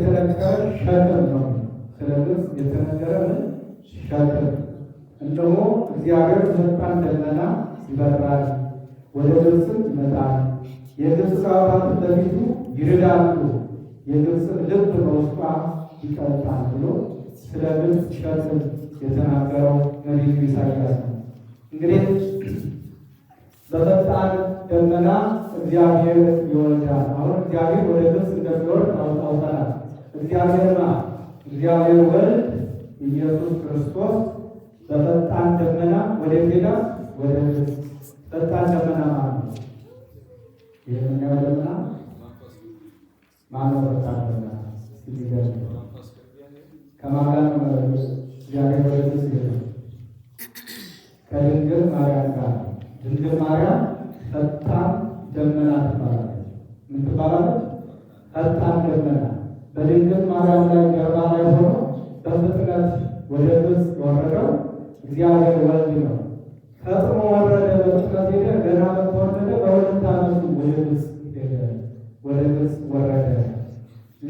የተነገረ ሸክም ነው። ስለ ግብፅ የተነገረ ምን ሸክም እንደሆ እግዚአብሔር ፈጣን ደመና ይበራል፣ ወደ ግብፅም ይመጣል። የግብፅ አባትን በፊቱ ይርዳሉ፣ የግብፅ ልብ በውስጧ ይቀልጣል ብሎ ስለ ልብስ ሸክም የተናገረው ነቢዩ ኢሳያስ ነው። እንግዲህ በፈጣን ደመና እግዚአብሔር ይወልዳል። አሁን እግዚአብሔር ወደ ግብፅ እንደሚወርድ አውጣውታል። እግዚአብሔር እግዚአብሔር ወልድ ኢየሱስ ክርስቶስ በፈጣን ደመና ወደ ሜዳ ወደ ፈጣን ደመና ማለት ነው። የምናየው ደመና ማነው? ፈጣን ደመና ከማርያም እግዚአብሔር ወልድ ከድንግል ማርያም ጋር ድንግል ማርያም ፈጣን ደመና ትባላለች። ምን ትባላለች? ፈጣን ደመና በድንግል ማርያም ላይ ገርባ ላይ ሆኖ በፍጥነት ወደ ግብፅ የወረደው እግዚአብሔር ወልድ ነው። ፈጥኖ ወረደ፣ በፍጥነት ሄደ። ገና በተወለደ በሁለት ዓመቱ ወደ ግብፅ ሄደ፣ ወደ ግብፅ ወረደ።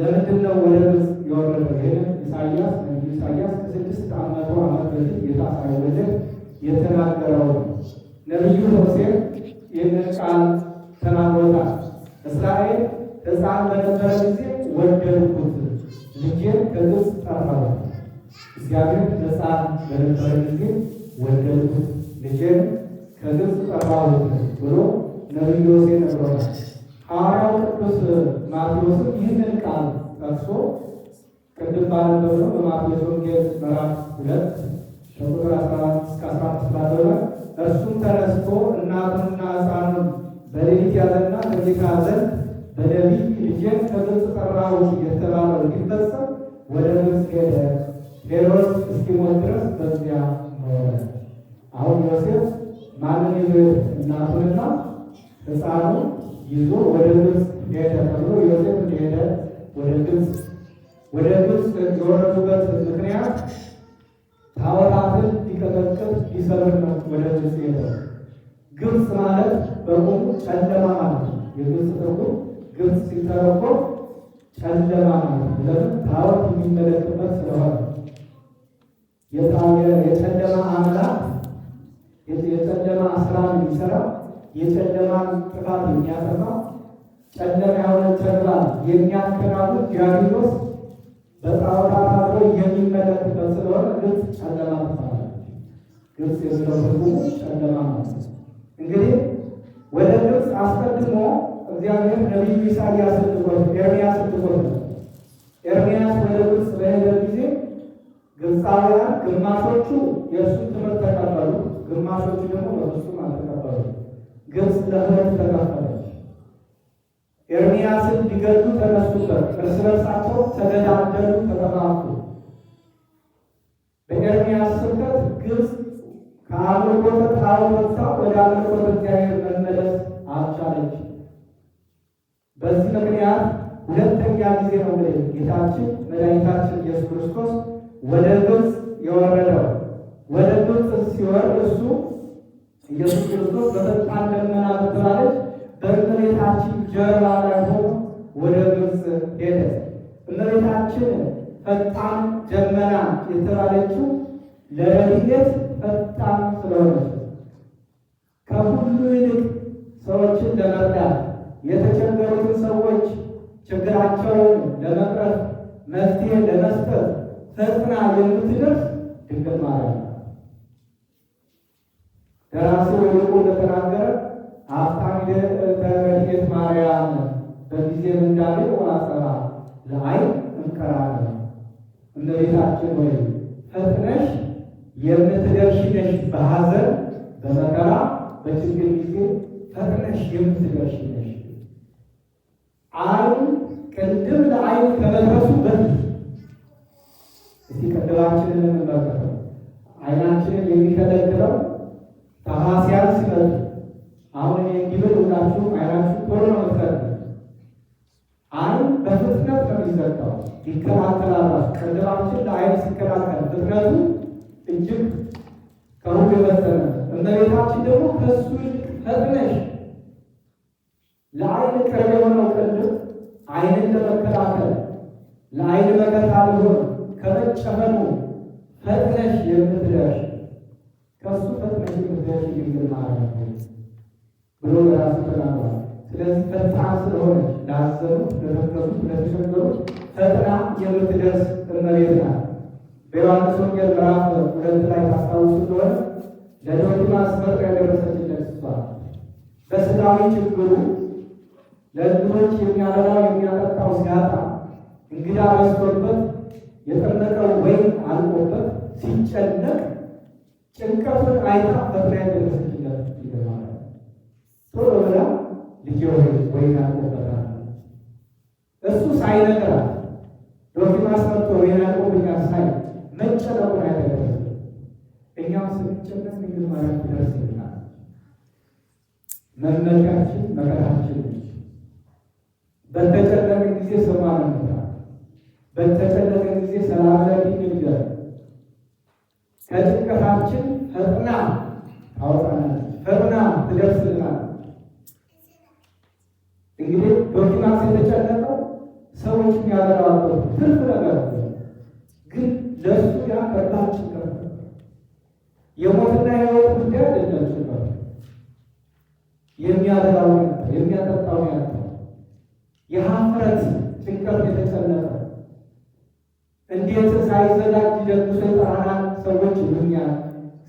ለምንድን ነው ወደ ግብፅ የወረደው? ይህ ኢሳያስ ነቢዩ ኢሳያስ ከስድስት መቶ ዓመት በፊት ጌታ ሳይወለድ የተናገረው ነው። ነቢዩ ሆሴዕ ይህንን ቃል ተናግሮታል። እስራኤል ሕፃን በነበረ ጊዜ ወደድኩት፣ ልጄን ከግብፅ ጠራሁት። እግዚአብሔር ነፃ በነበረ ጊዜ ወደድኩት፣ ልጄን ከግብፅ ጠራሁት ብሎ ነቢዩ ሆሴዕ ነግሮናል። ሐዋርያው ቅዱስ ማቴዎስም ይህንን ቃል ጠቅሶ ቅድም ባነበብነው በማቴዎስ ወንጌል ምዕራፍ ሁለት ከቁጥር እስከ አስራ አምስት እርሱም ተነስቶ እናቱንና ሕፃኑን በሌሊት ያዘና በጌታ ዘንድ በሌሊት ልጄን ከግብፅ ጠራሁ የተባለው እንዲፈጸም ወደ ግብፅ ሄደ። ሄሮድስ እስኪሞት ድረስ በዚያ ኖረ። አሁን ዮሴፍ ማንን ይዞ እናቱንና ሕፃኑ ይዞ ወደ ግብፅ ሄደ ተብሎ ዮሴፍ እንደሄደ ወደ ግብፅ ወደ ግብፅ የወረዱበት ምክንያት ታወራትን ሊቀጠቅጥ ሊሰብር ነው። ወደ ግብፅ ሄደ። ግብፅ ማለት በቁሙ ጨለማ ማለት ነው። የግብፅ ትርጉም ግብጽ ሲተረጎም ጨለማ ነው። ለምን ታወት የሚመለክበት ስለሆነ የጨለማ አምላክ የጨለማ ስራ የሚሰራ የጨለማ ጥፋት የሚያጠፋ ጨለማ የሆነ የሚያከናውን ዲያብሎስ በጣዖታት የሚመለክበት ስለሆነ ግብጽ ጨለማ ትባላለች። ግብጽ የሚለው ትርጉሙ ጨለማ ነው። ነቢዩ ኢሳያስ ስንቆት ኤርምያስ ስንቆት ነው። ኤርምያስ ወደ ግብፅ በሄደ ጊዜ ግብፃውያን ግማሾቹ የእሱ ትምህርት ተቀበሉ፣ ግማሾቹ ደግሞ በፍጹም አልተቀበሉ። ግብፅ ለሁለት ተከፈለች። ኤርምያስን ሊገሉ ተነሱበት፣ እርስ በርሳቸው ተገዳደሉ፣ ተጠፋፉ። በኤርምያስ ስብከት ግብፅ ከአምልኮተ ጣዖት ወጥታ ወደ አምልኮተ እግዚአብሔር መመለስ አልቻለች። በዚህ ምክንያት ሁለተኛ ጊዜ ነው እንግዲህ ጌታችን መድኃኒታችን ኢየሱስ ክርስቶስ ወደ ግብፅ የወረደው። ወደ ግብፅ ሲወርድ እሱ ኢየሱስ ክርስቶስ በፈጣን ደመና ትባለች በእመቤታችን ጀርባ ላይ ሆኖ ወደ ግብፅ ሄደ። እመቤታችን ፈጣን ደመና የተባለችው ለረድኤት ፈጣን ስለሆነች ከሁሉ ይልቅ ሰዎችን ለመርዳት የተቸገሩትን ሰዎች ችግራቸውን ለመቅረፍ መፍትሄ ለመስጠት ፈጥና የምትደርስ ድንግል ማርያም ደራሲው ወድቆ እንደተናገረ ሀብታም ተገድሜት ማርያም በጊዜ ምንዳቤ ወአጸባ ለዓይን እንቀራለ እመቤታችን ወይ ፈጥነሽ የምትደርሺ ነሽ፣ በሐዘን በመከራ በችግር ጊዜ ፈጥነሽ የምትደርሺ ነሽ። አርም ቅንድብ ለአይን ከመድረሱ በፊት እስቲ ቅንድባችንን እንመልከተው። አይናችንን የሚከለክለው ተሐስያን ሲመጡ አሁን የግብል ሁላችሁ አይናችሁ ቶሎ ነው ምትከል አይን በፍጥነት ነው የሚዘጋው፣ ይከላከላል። ቅንድባችን ለአይን ሲከላከል ፍጥነቱ እጅግ ከሁሉ የበሰነ እመቤታችን ደግሞ ከሱ ፈጥነሽ ለአይን ቅርብ የሆነው አይንን ለመከላከል ለአይን መከታ ልሆን ከመጨፈኑ ፈጥነሽ የምትደርሽ ከሱ ፈጥነሽ የምትደርሽ ድንግል ማርያም ብሎ ለራሱ ተናግሯል። ስለዚህ ፈጣን ስለሆነ ላዘኑት፣ ለተከዙት፣ ለተቸገሩት ፈጥና የምትደርስ እመቤት ናት። በዮሐንስ ወንጌል ምዕራፍ ሁለት ላይ ታስታውሱ እንደሆነ ለዶዲማስ ፈጥና የደረሰችለት እሷ በስጋዊ ችግሩ ለእንግዶች የሚያበላው የሚያጠጣው ሲያጣ እንግዳ በዝቶበት የጠመቀው ወይን አልቆበት ሲጨነቅ ጭንቀቱን አይታ በፍሬያ ደረሰችለት ይገባል። ቶሎ ብላ ልጅ ወይን አልቆበታል። እሱ ሳይነግራት ዶኪማስ መጥቶ ወይን አልቆብኛል ሳይ መጨነቁን አይተገረም። እኛም ስንጨነቅ ድንግል ማለት ይደርስልናል። መመልካችን መከራችን በተጨነቀ ጊዜ ሰማን እንላለን። በተጨነቀ ጊዜ ሰላም ላይ ንግደር ከጭንቀታችን ፈጥና ታወጣናለች፣ ፈጥና ትደርስልናለች። እንግዲህ በፊናንስ የተጨነቀው ሰዎች ያለራሉ ትርፍ ነገር ግን ለሱ ያ ከባድ ጭንቀት የሞትና የህይወት ጉዳይ አይደለም። ጭንቀት የሚያደራው የሚያጠጣው ያ የሀፍረት ጭንቀት የተጨነቀ እንዴት ሳይዘጋጅ ደግሞ ሰይጣናት ሰዎች ይሉኛል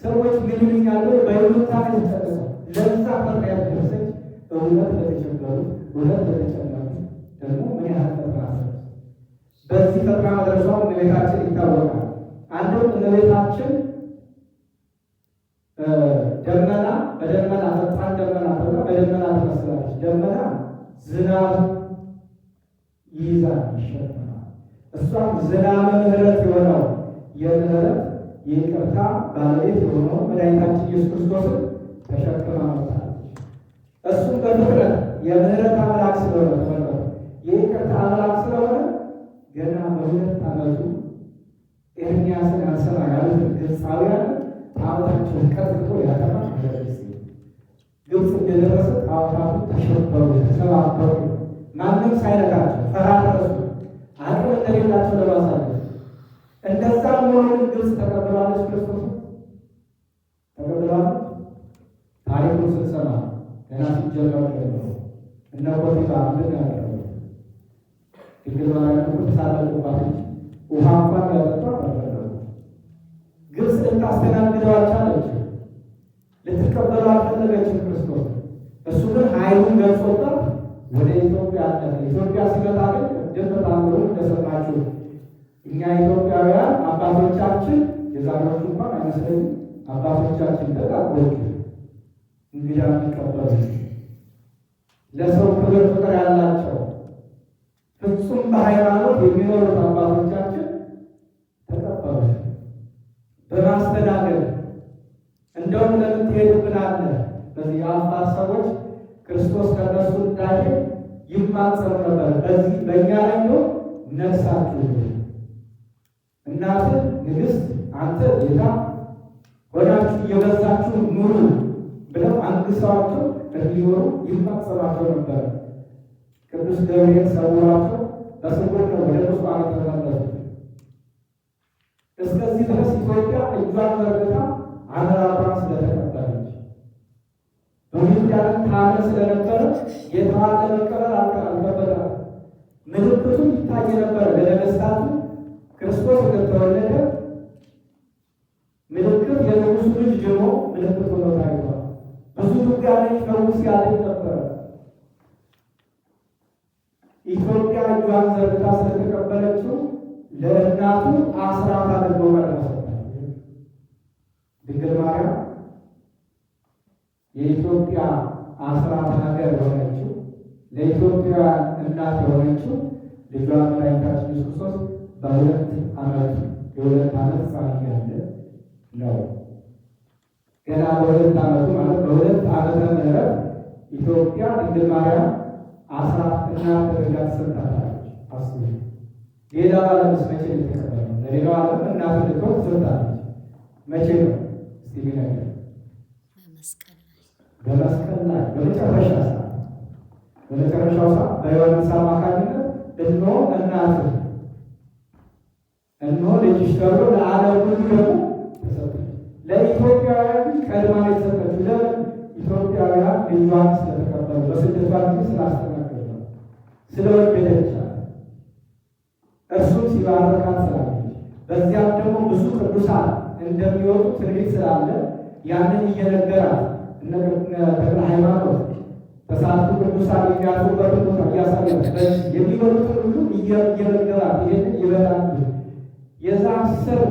ሰዎች ምን ይሉኛል ብሎ በይሉኝታ ለዛ ፈር ያደረሰች እውነት ለተቸገሩ እውነት ለተጨነቁ ደግሞ ምን ያህል ፈጥራ በዚህ ፈጥራ መድረሷ እመቤታችን ይታወቃል። አንድም እመቤታችን ደመና በደመና ፈጣን ደመና ተብላ በደመና ተመስላለች። ደመና ዝናብ ይይዛል ይሸከማል። እሷም ዘላለም ምሕረት የሆነው የምሕረት የይቅርታ ባለቤት የሆነው መድኃኒታችን ኢየሱስ ክርስቶስን ተሸክማ መጥታለች። እሱም በፍጥረት የምሕረት አምላክ ስለሆነ ተመለከ የይቅርታ አምላክ ስለሆነ ገና በሁለት ዓመቱ ኤርሚያስን ያልሰማ ያሉት ግብፃውያን ጣዖታቸውን ቀጥቶ ያጠፋ ግብፅ እንደደረሰ ጣዖታቱ ተሸበሩ፣ ተሰባበሩ። ማንም ሳይነካቸው ፈራረሱ አድሮ እንደሌላቸው ለማሳለፍ እንደዛ መሆኑን ግብጽ ተቀብላለች። ክርስቶስ ተቀብለዋል። ታሪኩን ስንሰማ ገና ሲጀመር ደግሞ እነ ፖቲፋ ምን ያደረጉ ድንግል ማርያም ተሳለቁባት እንጂ ውሃ እንኳን ያጠጡ አልፈለጉ። ግብጽ ልታስተናግደው አልቻለች፣ ልትቀበለው አልፈለገችም። ክርስቶስ እሱ ግን ኃይሉን ገልጾታል። ወደ ኢትዮጵያ አለፈ። ኢትዮጵያ ሲመጣ ግን እንደተባለው እንደሰማችሁ እኛ ኢትዮጵያውያን አባቶቻችን የዛሬዎቹ እንኳን አይመስለኝ አባቶቻችን በጣም ወዱ እንግዳ የሚቀበሉ ለሰው ክብር ፍቅር ያላቸው ፍጹም በሃይማኖት የሚኖሩት አባቶቻችን ተቀበሉ በማስተናገድ እንደውም ለምትሄዱ ብላለ በዚህ የአፋር ሰዎች ክርስቶስ ከእነሱ እንዳየ ይማጸኑ ነበር። በዚህ በእኛ ላይ ነው ነፍሳችሁ እናት ንግስት አንተ ጌታ ሆናችሁ እየበዛችሁ ኑሩ ብለው አንግሰዋቸው እንዲኖሩ ይማጸኗቸው ነበር። ቅዱስ ገብርኤል ሰውሯቸው በስውር ነው ወደ ቁስቋም የተመለሱት። እስከዚህ ድረስ ኢትዮጵያ እጇን ዘርግታ የተባለ ለመቀበል አልነበረም። ምልክቱም ይታይ ነበር ለነገስታቱ ክርስቶስ እንደተወለደ ምልክት የንጉሱ ልጅ ደግሞ ምልክት ሆኖ ታይቷል። ብዙ ድንጋዮች ፈውስ ያለች ነበረ። ኢትዮጵያ እጇን ዘርግታ ስለተቀበለችው ለእናቱ አስራት አድርጎ መለሰ። ድንግል ማርያም የኢትዮጵያ አስራት ሀገር ሆነ። ለኢትዮጵያ እናት የሆነችው ልጇ መድኃኒታችን ኢየሱስ ክርስቶስ በሁለት ዓመት የሁለት ዓመት ሕፃን ያለ ነው። ገና በሁለት ዓመቱ ማለት በሁለት ዓመተ ምሕረት ኢትዮጵያ ድንግል ማርያም አስራት እናት ተደርጋ ተሰጥታለች። አስ ሌላው ዓለም መቼ ነው የተቀበለው? ለሌላው ዓለም እናት ልቶ ተሰጥታለች። መቼ ነው? እስቲ ሚነገር በመስቀል ላይ በመስቀል ላይ በመጨረሻ በመጨረሻው ሰዓት በዮሐንስ አማካኝነት እነሆ እናት እነሆ ልጅሽ ተብሎ ለዓለም ሁሉ ደግሞ ተሰጠች። ለኢትዮጵያውያን ቀድማ የተሰጠች ለምን? ኢትዮጵያውያን ልጇን ስለተቀበሉ በስደቷ ጊዜ ስላስተናገዱ ስለወደደች እርሱም ሲባረካት ስላለች በዚያም ደግሞ ብዙ ቅዱሳን እንደሚወጡ ትንቢት ስላለ ያንን እየነገራት ተክለ ሃይማኖት ከሰዓቱ ቅዱሳን የሚያርፉበትን ቦታ እያሳያለች የሚበሉትን ሁሉ እየመገባት ይህንን ይበላሉ። የዛ ስር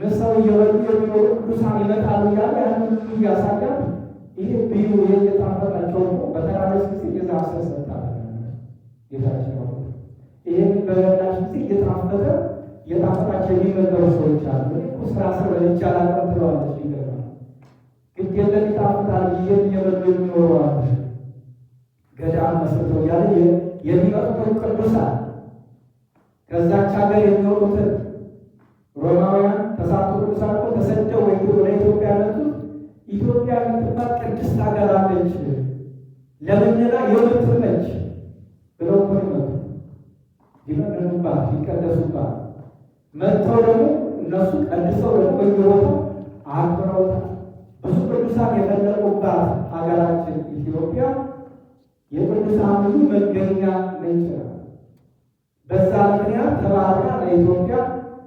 ምሰው እየበሉ የሚኖሩ ቅዱሳን ይመጣሉ እያለ ያንን ሁሉ ይሄ ይህ ብዩ የጣፈጣቸው ነው። ጊዜ የዛፍ ስር ሰጣ ጌታችን ነው። ይህን በበላሽ ጊዜ እየጣፈጠ እየጣፈጣቸው የሚመገቡ ሰዎች አሉ። ስራ ስር ይቻላል ትለዋለች። ይገርማል። ግድ የለም ይጣፍጣል። ይህን እየበሉ የሚኖሩ ገዳም መስርቶ እያለ የሚመጡትን ቅዱሳን ከዛች ሀገር የሚወጡትን ሮማውያን ተሳቱ ቅዱሳን እኮ ተሰደው ወይ ወደ ኢትዮጵያ መጡ። ኢትዮጵያ የምትባል ቅድስት ሀገር አለች፣ ለምንላ የምትመች ብለው ኮንመቱ ይመረኑባት ይቀደሱባት መጥተው ደግሞ እነሱ ቀድሰው ደግሞ በየቦታው አክብረውታል። ብዙ ቅዱሳን የፈለቁባት ሀገራችን ኢትዮጵያ የቅዱሳኑ መገኛ ምንጭ ነው። በዛ ምክንያት ተባርካ ለኢትዮጵያ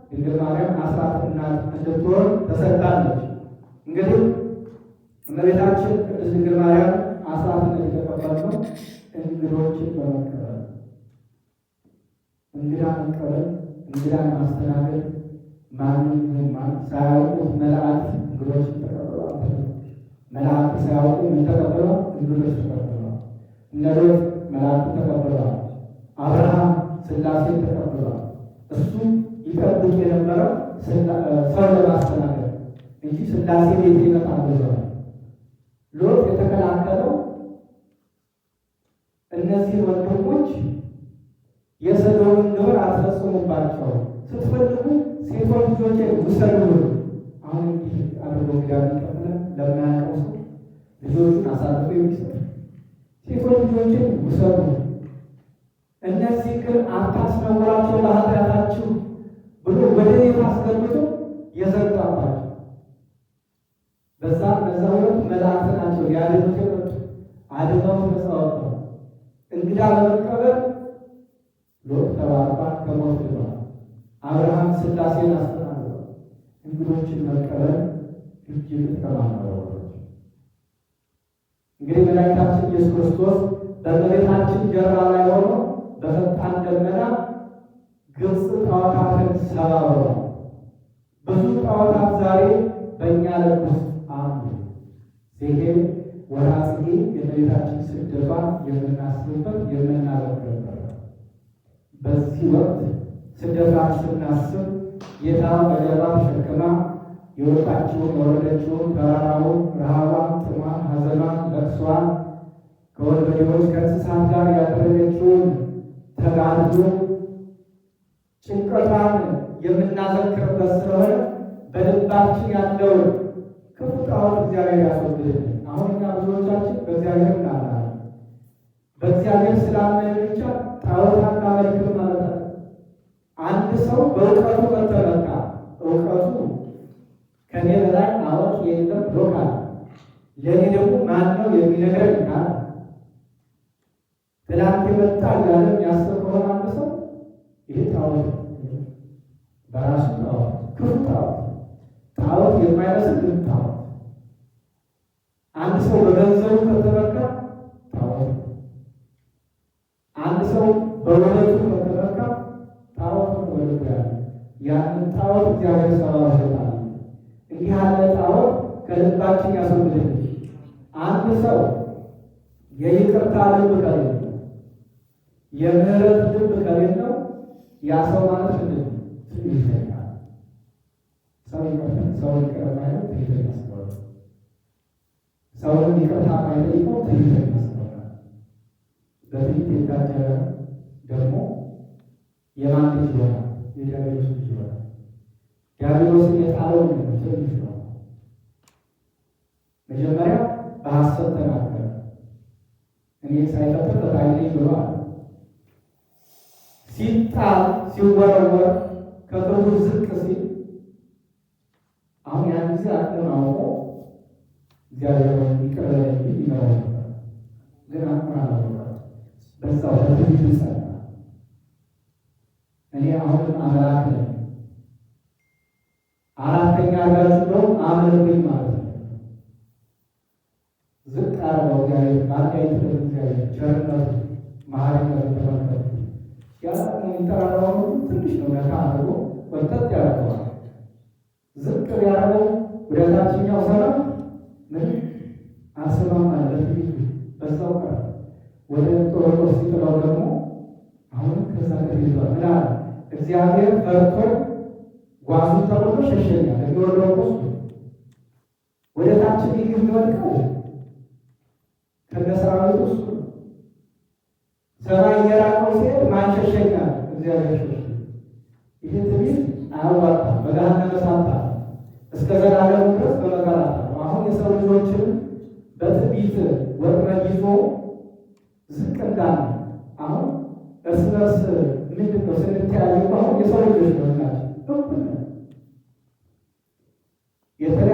ድንግል ማርያም አስራት እናት እንድትሆን ተሰጥታለች። እንግዲህ እመቤታችን ቅድስት ድንግል ማርያም አስራትን የተቀበልነው እንግዶችን በመቀበል እንግዳ መቀበል፣ እንግዳን ማስተናገድ ማንም ማን ሳያውቁት መላእክት እንግዶችን ተቀበሉ። መላእክት ሳያውቁ ምን እንግዶች ተቀበሉ። እነዶት መላእክቱ ተቀብለዋል። አብርሃም ስላሴ ተቀብለዋል። እሱ ይጠብቅ የነበረው ሰው ለማስተናገድ እንጂ ስላሴ ቤት ይመጣል ብለዋል። ሎጥ የተከላከለው እነዚህ ወንድሞች የሰዶምን ግብር አትፈጽሙባቸው፣ ስትፈልጉ ሴቶች ልጆቼ ውሰዱ። አሁን እንዲህ አድርጎ ጋር ለማያውቀው ሰው ልጆቹን አሳልፎ የሚሰጥ ሴቶች ልጆችን ውሰዱ፣ እነዚህ ግን አታስነውራቸው ለኃጢአታችሁ ብሎ ወደ ቤት አስገብቶ የዘጋባቸው በዛ በዛ ሁለት መላእክት ናቸው ያድኑት የመጡ አድነው እንግዳ ለመቀበል ሎጥ ተባርኳል፣ ከሞት ድኗል። አብርሃም ስላሴን አስተናግሯል። እንግዶችን መቀበል እጅግ ተባረዋል። እንግዲህ መድኃኒታችን ኢየሱስ ክርስቶስ በመሬታችን ጀርባ ላይ ሆኖ በፈጣን ደመና ግብፅ ጣዖታትን ሰባበረ። ብዙ ጣዖታት ዛሬ በእኛ ዓለም ውስጥ አሉ። ይሄ ወርኃ ጽጌ የእመቤታችን የምናስብበት የምናበረበት በዚህ ወቅት ስደቷን ስናስብ ጌታ በጀርባ ተሸክማ የወጣችውን የወረደችውን ተራራውን፣ ረሃቧን፣ ጥሟን፣ ሐዘኗን፣ ለቅሷን ከወንበዴዎች ከእንስሳት ጋር ያደረገችውን ተጋድሎ ጭንቀቷን የምናዘክርበት ስለሆነ በልባችን ያለውን ክፉ ጣዖት እግዚአብሔር ያስወግድልን። አሁን እኛ ብዙዎቻችን በእግዚአብሔር እናምናለን። በእግዚአብሔር ስላመን ብቻ ጣዖት አናመልክም ማለት ነው። አንድ ሰው በእውቀቱ መተመካ እውቀቱ ከኔ በላይ አዋቂ የለም ብሎ ካለ ለእኔ ደግሞ ማን ነው የሚነግረኝ ካለ ትላንት የመጣ እያለ የሚያስብ ከሆነ አንድ ሰው ይህ ጣዖት በራሱ ጣዖት ክፉ ጣዖት ጣዖት የማይመስል ግን ጣዖት አንድ ሰው በገንዘቡ ከተመካ ጣዖት አንድ ሰው በወለቱ ከተመካ ጣዖት ነው ያለ ያንን ጣዖት እግዚአብሔር ሰባ ሸጣ ካለ ጣዖት ከልባችን ያስወግድልን። አንድ ሰው የይቅርታ ልብ ከሌለው የምህረት ልብ ከሌለው ያ ሰው ማለት ምንድን ሰው ይቅርታ ሰው ይቅር ማለት ሰውን ይቅርታ የታጀረ ደግሞ የማን ልጅ ይሆናል? ልጅ ይሆናል። ዲያብሎስን የጣለው ትንሽ ነው። መጀመሪያ በሐሰት ተናገረ። እኔ ሳይፈጥር በታይሌ ብሏል። ሲጣል ሲወረወር ከክብሩ ዝቅ ሲል አሁን ያን ጊዜ አቅም አውቆ እግዚአብሔር ይቅር ይመራል። ግን አቅም አላወቀ። በዛው በትንሽ ጸና። እኔ አሁንም አምላክ ነኝ አራተኛ ጋር ስለው አመለብኝ ማለት ነው። ዝቅ አረገው እግዚአብሔር በአንዳይት እግዚአብሔር ቸርነቱ መሐሪነቱ ተመልከቱ። የሚጠራራውን ትንሽ ነው ነካ አድርጎ ወጠጥ ያደርገዋል። ዝቅ ያለው ወደ ታችኛው ሰላም ምን አስባም ማለት በዛው ቀረ። ወደ ጦሮጦስ ሲጥለው ደግሞ አሁንም ከዛ ቀር ይዟል ምናል እግዚአብሔር ፈርቶ ጓዙ ተቆርጦ ሸሸኛል የሚወርደው ቁስ ወደ ታች ይህ የሚወድቀው ከነሰራዊት ውስጥ ሰማይ እየራቀው ሲሄድ ማን ሸሸኛል? እግዚአብሔር ሸሸ። ይህ ትቢት አያዋጣ በጋህነ መሳታ እስከ ዘላለም ድረስ በመከራ አሁን የሰው ልጆችን በትቢት ወጥመድ ይዞ ዝቅ እንዳለ አሁን እርስ በርስ ምንድን ነው ስንተያዩ አሁን የሰው ልጆች ነው ናቸው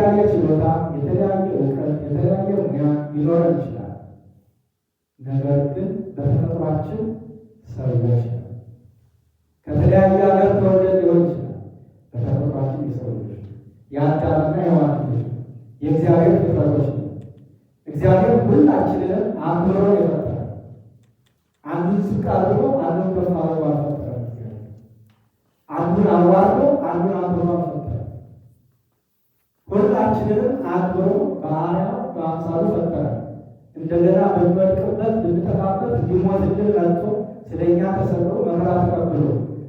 የተለያየ ችሎታ፣ የተለያየ እውቀት፣ የተለያየ ሙያ ሊኖረን ይችላል። ነገር ግን በተፈጥሯችን ሰዎች ከተለያየ ሀገር ተወልደን ሊሆን ይችላል። በተፈጥሯችን የሰው የአዳምና የሔዋን የእግዚአብሔር ፍጥረቶች ነው። እግዚአብሔር ሁላችንን አምሮ ይፈጥራል። አንዱን ዝቅ አድርጎ አንዱን ከፍ አድርጎ አልፈጠረም። አንዱን አዋርዶ አንዱን አምሮ አልፈጠረም። ሁላችንንም አክብሮ በአርአያው በአምሳሉ ፈጠረ። እንደገና ብንወድቅበት ብንጠፋበት ሊሞትልን ቀርቶ ስለኛ ተሰቅሎ መከራ ተቀብሎ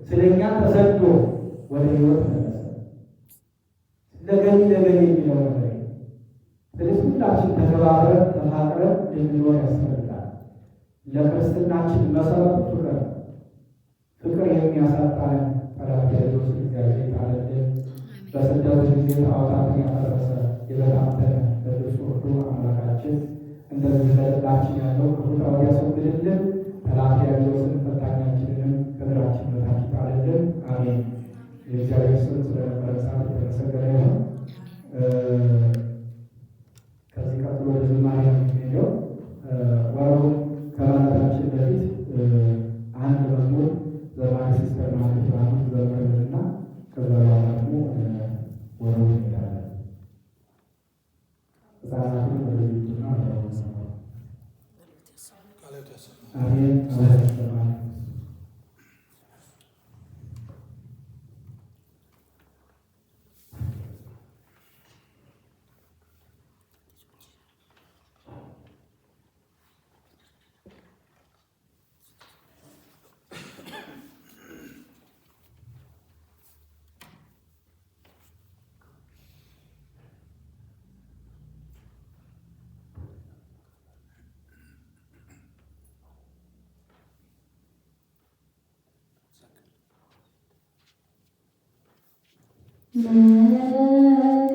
ስለኛ ተሰዶ ወደ ህይወት መለሰ። ስለገኝ ለገኝ የሚለው ነገር ስለዚህ ሁላችን ተከባብረን ተፋቅረን ልንኖር ያስፈልጋል። ለክርስትናችን መሰረቱ ፍቅር ፍቅር የሚያሳጣን ጠላት ያለው ስለዚያ ጣለ በስደት ጊዜ ጣዖታትን ያፈረሰ የበታተነ በልብሱ ሁሉ አምላካችን እንደዚህ ለላችን ያለው ክፉ ጠባብ ያስወግድልን። ጠላት ያለውን ፈታኛችንንም ከእግራችን በታች ይጣልልን። አሜን። የእግዚአብሔር ስም ስለነበረን ሰዓት የተመሰገነ ይሁን። ከዚህ ቀጥሎ ወደ ዝማሬ ነው የሚሄደው። ወረቡን warahmatullahi Hallelujah.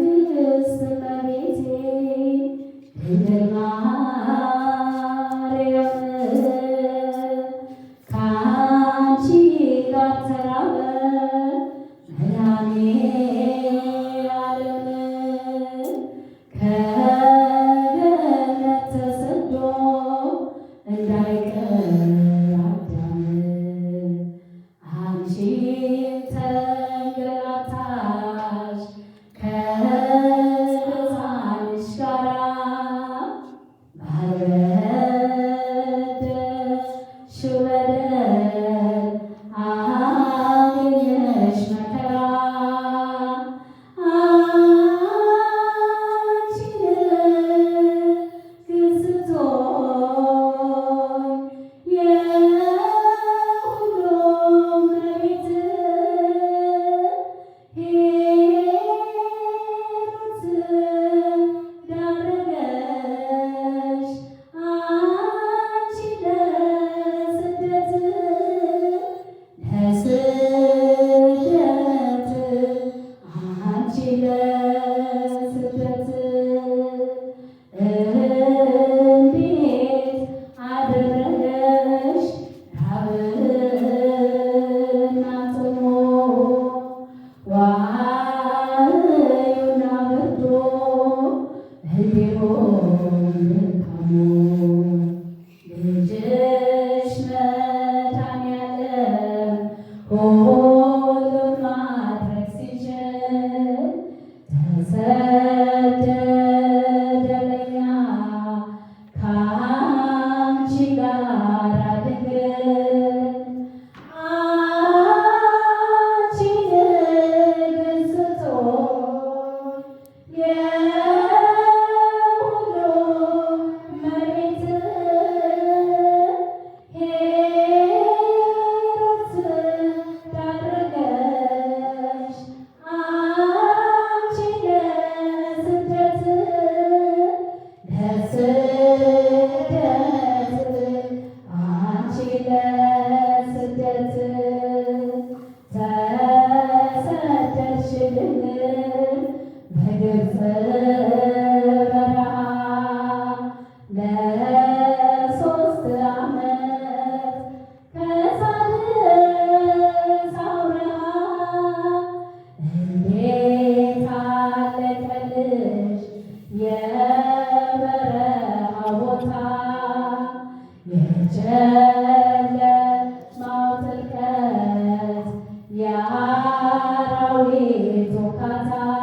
wetu kataa